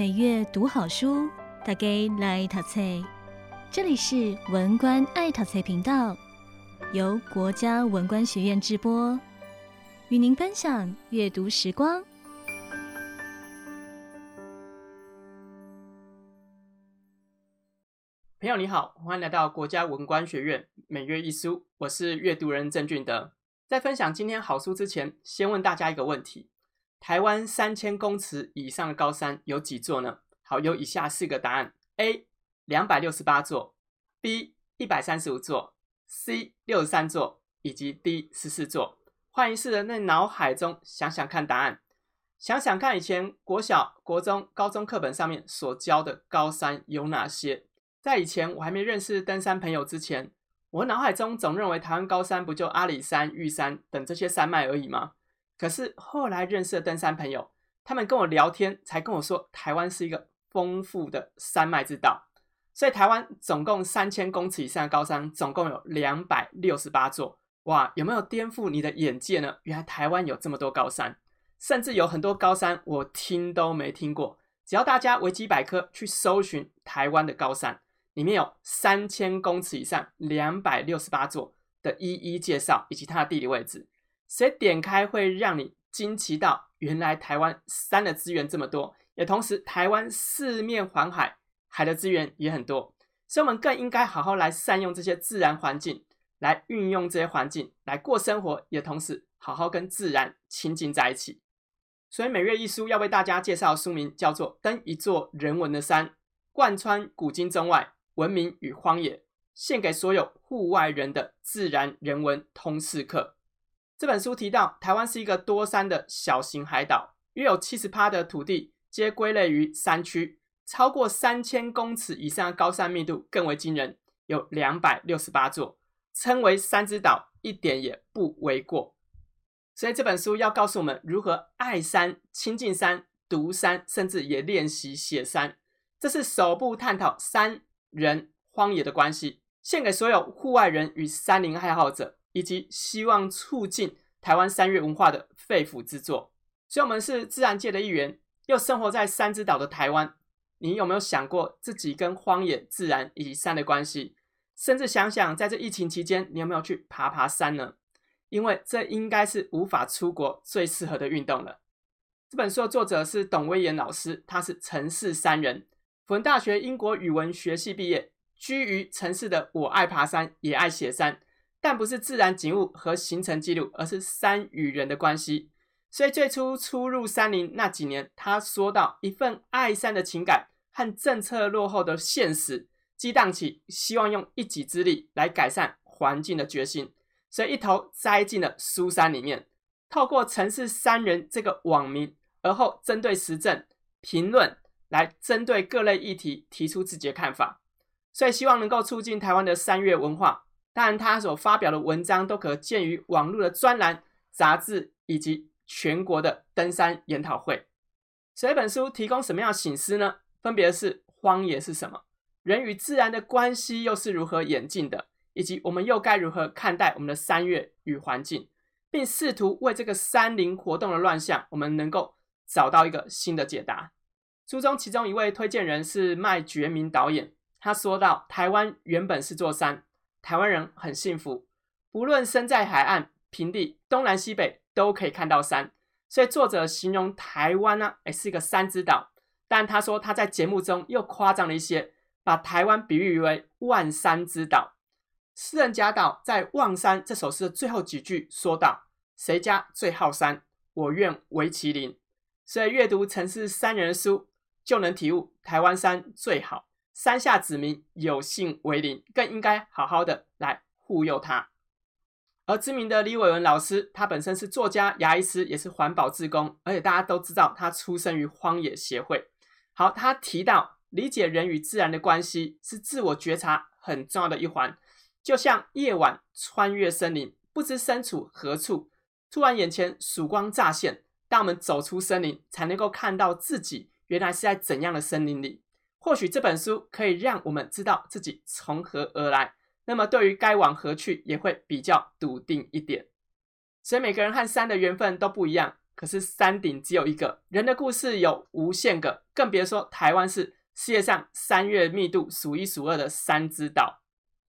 每月讀好書，大家來讀冊。這裡是文官愛讀冊頻道，由國家文官學院直播，與您分享閱讀時光。朋友你好，歡迎來到國家文官學院，每月一書，我是閱讀人鄭俊德。在分享今天好書之前，先問大家一個問題。台灣三千公尺以上的高山有幾座呢？好，有以下四個答案：A. 兩百六十八座；B. 一百三十五座；C. 六十三座，以及 D. 十四座。歡迎試著在腦海中想想看答案，想想看以前國小、國中、高中課本上面所教的高山有哪些？在以前我還沒認識登山朋友之前，我腦海中總認為台灣高山不就阿里山、玉山等這些山脈而已嗎？可是後來認識了登山朋友，他們跟我聊天，才跟我說，台灣是一個豐富的山脈之島。所以台灣總共三千公尺以上的高山，總共有兩百六十八座。哇，有沒有顛覆你的眼界呢？原來台灣有這麼多高山，甚至有很多高山我聽都沒聽過。只要大家維基百科去搜尋台灣的高山，裡面有三千公尺以上兩百六十八座的一一介紹，以及它的地理位置。誰點開會讓你驚奇到，原來台灣山的資源這麼多，也同時台灣四面環海，海的資源也很多，所以我們更應該好好來善用這些自然環境，來運用這些環境來過生活，也同時好好跟自然親近在一起。所以每月一書要為大家介紹的書名叫做《登一座人文的山》，貫穿古今中外、文明與荒野，獻給所有戶外人的自然人文通識課。這本書提到，台灣是一個多山的小型海島，約有七十趴的土地皆歸類於山區，超過三千公尺以上的高山密度更為驚人，有兩百六十八座，稱為“山之島”一點也不為過。所以這本書要告訴我們如何愛山、親近山、讀山，甚至也練習寫山。這是首部探討山人荒野的關係，獻給所有戶外人與山林愛好者，以及希望促進台灣山岳文化的肺腑之作。所以，我們是自然界的一員，又生活在山之島的台灣，你有沒有想過自己跟荒野、自然以及山的關係？甚至想想，在這疫情期間，你有沒有去爬爬山呢？因為這應該是無法出國最適合的運動了。這本書的作者是董威言老師，他是城市山人，輔仁大學英國語文學系畢業，居於城市的我，愛爬山，也愛寫山。但不是自然景物和行程記錄，而是山與人的關係。所以最初初入山林那幾年，他說到一份愛山的情感和政策落後的現實激盪起希望用一己之力來改善環境的決心，所以一頭栽進了書山裡面。透過“城市山人”這個網名，而後針對時政評論，來針對各類議題提出自己的看法。所以希望能夠促進台灣的山岳文化。當然，但他所發表的文章都可見於網絡的專欄、雜誌以及全國的登山研討會。這本書提供什麼樣的省思呢？分別是荒野是什麼，人與自然的關係又是如何演進的，以及我們又該如何看待我們的山岳與環境，並試圖為這個山林活動的亂象，我們能夠找到一個新的解答。書中其中一位推薦人是麥覺明導演，他說道，台灣原本是座山。台灣人很幸福，無論身在海岸、平地、東南西北，都可以看到山。所以作者形容台灣呢、啊欸，是一個山之島。但他說他在節目中又誇張了一些，把台灣比喻為萬山之島。詩人賈島在《望山》這首詩的最後幾句說道：“誰家最好山？我願為其鄰。”所以閱讀《城市山人》的書，就能體悟台灣山最好。山下子民有幸為鄰，更應該好好的來護佑他。而知名的李偉文老師，他本身是作家、牙醫師，也是環保志工，而且大家都知道他出身於荒野協會。好，他提到理解人與自然的關係是自我覺察很重要的一環。就像夜晚穿越森林，不知身處何處，突然眼前曙光乍現，當我們走出森林，才能夠看到自己原來是在怎樣的森林裡。或許這本書可以讓我們知道自己從何而來，那麼對於該往何去也會比較篤定一點。所以每個人和山的緣分都不一樣，可是山頂只有一個，人的故事有無限個，更別說台灣是世界上山岳密度數一數二的山之島。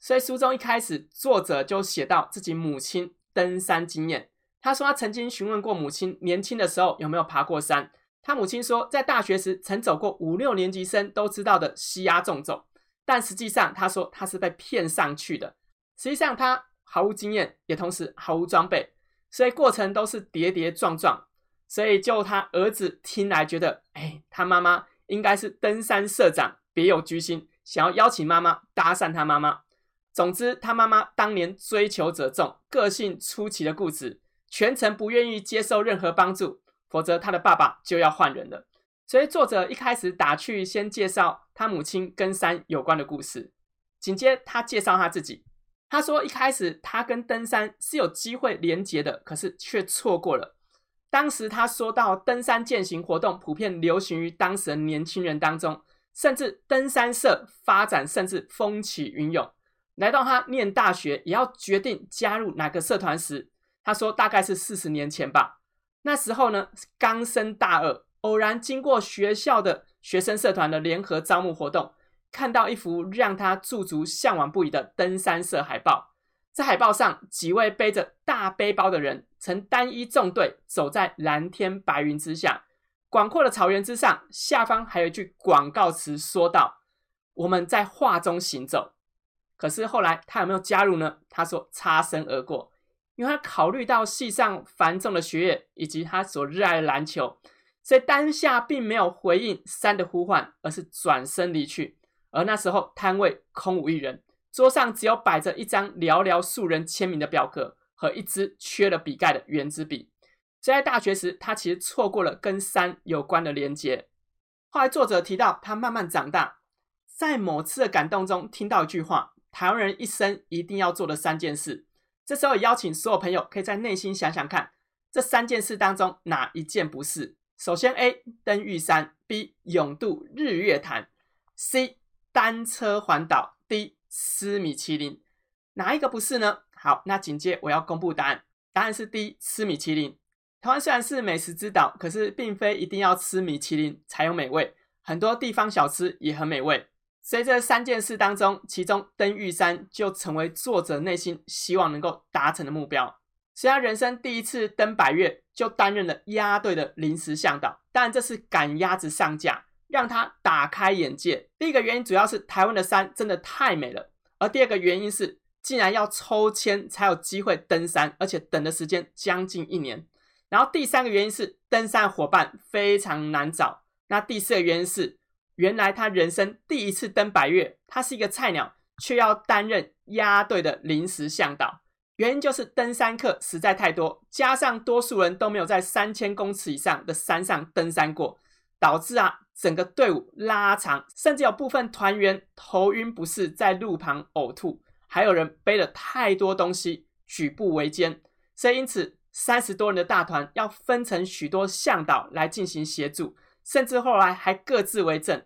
所以書中一開始，作者就寫到自己母親登山經驗，他說他曾經詢問過母親年輕的時候有沒有爬過山。他母親說，在大學時曾走過五六年級生都知道的溪阿縱走，但實際上他說他是被騙上去的。實際上他毫無經驗，也同時毫無裝備，所以過程都是跌跌撞撞。所以就他兒子聽來覺得，哎，他媽媽應該是登山社長別有居心，想要邀請媽媽搭訕他媽媽。總之，他媽媽當年追求者眾，個性出奇的固執，全程不願意接受任何幫助。否則，他的爸爸就要換人了。所以，作者一開始打趣，先介紹他母親跟山有關的故事，緊接他介紹他自己。他說，一開始他跟登山是有機會連結的，可是卻錯過了。當時他說到，登山健行活動普遍流行於當時的年輕人當中，甚至登山社發展甚至風起雲湧。來到他念大學，也要決定加入哪個社團時，他說大概是四十年前吧。那時候呢，剛升大二，偶然經過學校的學生社團的聯合招募活動，看到一幅讓他駐足向往不已的登山社海報。在海報上，幾位背着大背包的人，呈單一縱隊走在藍天白雲之下，廣闊的草原之上，下方還有一句廣告詞，說道：“我們在畫中行走。”可是後來，他有沒有加入呢？他說，擦身而過。因為他考慮到系上繁重的學業以及他所熱愛的籃球，所以當下並沒有回應山的呼喚，而是轉身離去。而那時候攤位空無一人，桌上只有擺着一張寥寥數人簽名的表格和一支缺了筆蓋的原子筆。這在大學時，他其實錯過了跟山有關的連接。後來作者提到，他慢慢長大，在某次的感動中聽到一句話：台灣人一生一定要做的三件事。這時候也邀請所有朋友可以在內心想想看，這三件事當中哪一件不是？首先，A 登玉山，B 泳渡日月潭，C 單車環島，D 吃米其林，哪一個不是呢？好，那緊接我要公布答案，答案是 D 吃米其林。台灣雖然是美食之島，可是並非一定要吃米其林才有美味，很多地方小吃也很美味。所以這三件事當中，其中登玉山就成為作者內心希望能夠達成的目標。雖然人生第一次登百岳，就擔任了押隊的臨時向導。當然，這是趕鴨子上架，讓他打開眼界。第一個原因主要是台灣的山真的太美了，而第二個原因是竟然要抽籤才有機會登山，而且等的時間將近一年。然後第三個原因是登山夥伴非常難找，那第四個原因是。原來他人生第一次登百岳，他是一個菜鳥，卻要擔任壓隊的臨時向導。原因就是登山客實在太多，加上多數人都沒有在三千公尺以上的山上登山過，導致啊整個隊伍拉長，甚至有部分團員頭暈不適，在路旁嘔吐，還有人背了太多東西，舉步維艱。所以因此，三十多人的大團要分成許多向導來進行協助。甚至後來還各自為政，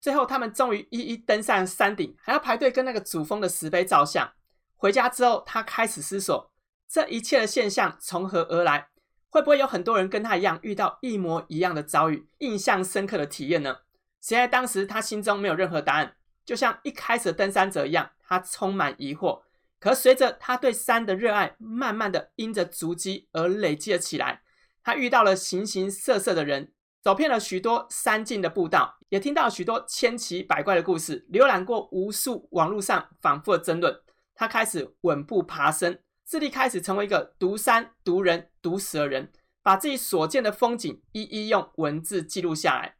最後他們終於一一登上山頂，還要排隊跟那個主峰的石碑照相。回家之後，他開始思索這一切的現象從何而來，會不會有很多人跟他一樣遇到一模一樣的遭遇，印象深刻的體驗呢？雖然當時他心中沒有任何答案，就像一開始登山者一樣，他充滿疑惑。可隨着他對山的熱愛，慢慢的因着足跡而累積了起來，他遇到了形形色色的人。走遍了許多山徑的步道，也聽到許多千奇百怪的故事，瀏覽過無數網絡上反覆的爭論。他開始穩步爬升，自己開始成為一個讀山、讀人、讀史的人，把自己所見的風景一一用文字記錄下來。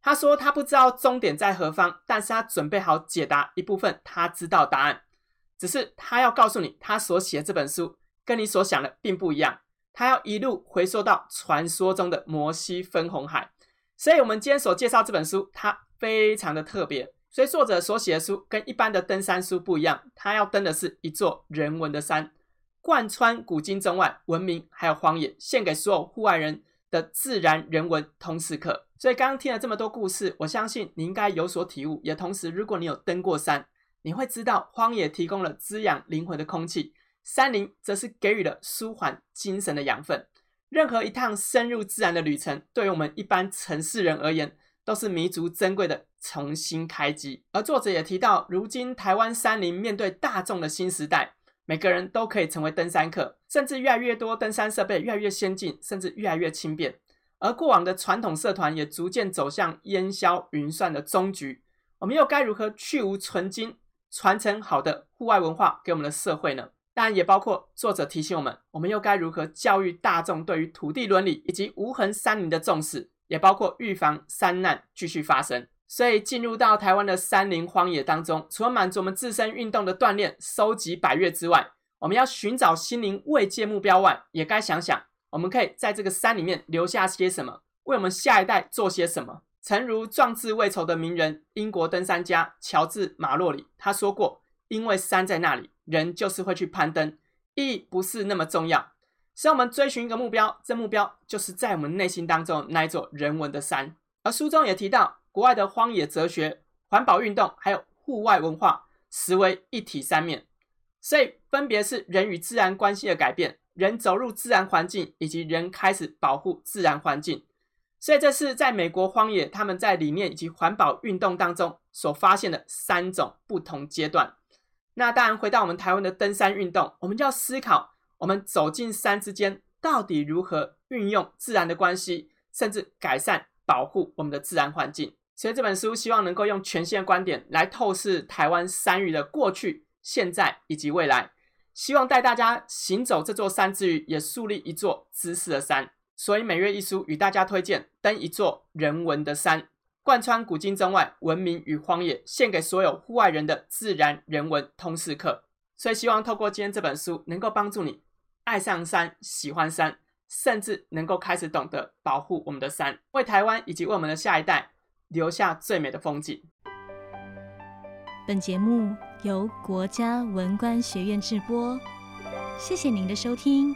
他說：“他不知道終點在何方，但是他準備好解答一部分他知道答案，只是他要告訴你，他所寫的這本書跟你所想的並不一樣。”他要一路回溯到傳說中的摩西分紅海，所以我們今天所介紹這本書，它非常的特別。所以作者所寫的書跟一般的登山書不一樣，它要登的是一座人文的山，貫穿古今中外，文明還有荒野，獻給所有戶外人的自然人文通識課。所以剛剛聽了這麼多故事，我相信你應該有所體悟。也同時，如果你有登過山，你會知道荒野提供了滋養靈魂的空氣。山林則是給予了舒緩精神的養分。任何一趟深入自然的旅程，對於我們一般城市人而言，都是彌足珍貴的重新開機。而作者也提到，如今台灣山林面對大眾的新時代，每個人都可以成為登山客，甚至越來越多登山設備越來越先進，甚至越來越輕便。而過往的傳統社團也逐漸走向煙消雲散的終局。我們又該如何去蕪存菁，傳承好的戶外文化給我們的社會呢？當然也包括作者提醒我們，我們又該如何教育大眾對於土地倫理以及無痕山林的重視，也包括預防山難繼續發生。所以，進入到台灣的山林荒野當中，除了滿足我們自身運動的鍛鍊、收集百岳之外，我們要尋找心靈慰藉目標外，也該想想我們可以在這個山裡面留下些什麼，為我們下一代做些什麼。誠如壯志未酬的名人、英國登山家喬治·馬洛裡，他說過。因為山在那裡，人就是會去攀登，意義不是那麼重要。所以，我們追尋一個目標，這目標就是在我們內心當中那一座人文的山。而書中也提到，國外的荒野哲學、環保運動，還有戶外文化，實為一體三面。所以，分別是人與自然關係的改變，人走入自然環境，以及人開始保護自然環境。所以，這是在美國荒野，他們在理念以及環保運動當中所發現的三種不同階段。那當然，回到我們台灣的登山運動，我們就要思考我們走進山之間到底如何運用自然的關係，甚至改善、保護我們的自然環境。所以這本書希望能夠用全新的觀點來透視台灣山域的過去、現在以及未來，希望帶大家行走這座山之餘，也樹立一座知識的山。所以每月一書與大家推薦登一座人文的山。貫穿古今中外，文明與荒野，獻給所有戶外人的自然人文通識課。所以，希望透過今天這本書，能夠幫助你愛上山、喜歡山，甚至能夠開始懂得保護我們的山，為臺灣以及為我們的下一代留下最美的風景。本節目由國家文官學院制播，謝謝您的收聽。